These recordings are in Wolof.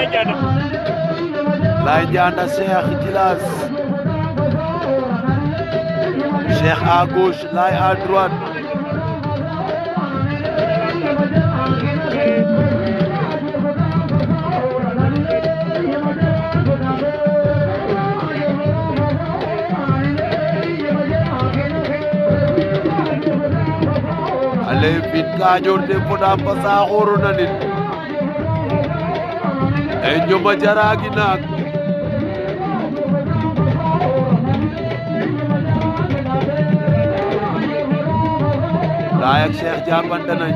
Laye Ndianda Laye Ndianda Cheikh Djilass Cheikh à gauche Laye à droite Allez vite Kajoor te fo da pasaa xooru e Njoba Jara gi naak Laye ak Cheikh jàppante nañ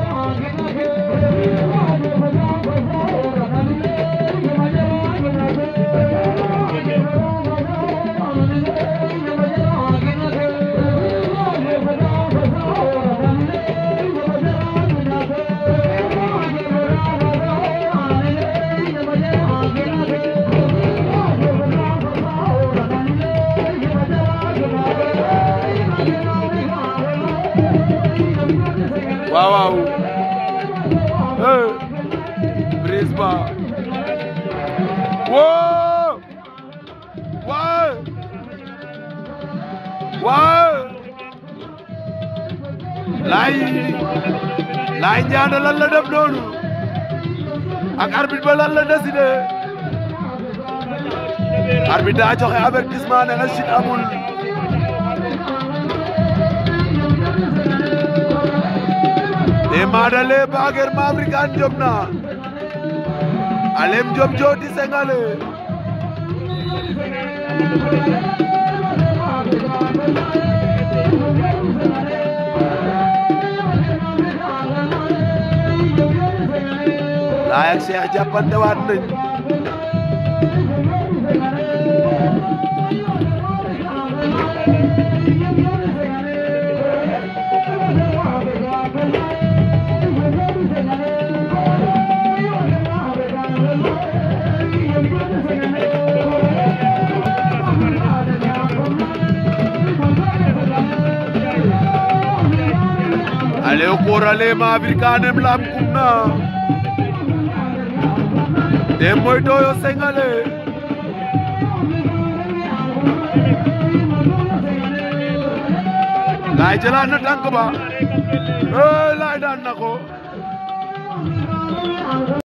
waaw waaw eh Brise Ba woo waaw waaw laay laay ñaana lan la def noonu ak arbitre ba lan la décidé arbitre daa joxe avertissement ne na sit amul emadale bager mavrikan jobna alem job jodi sengale layak Cheikh japan waat nañ ale koorale maafir kaanem laam kumna te moytooyo sengale laay jëlaat na tànk ba ee laay daan na ko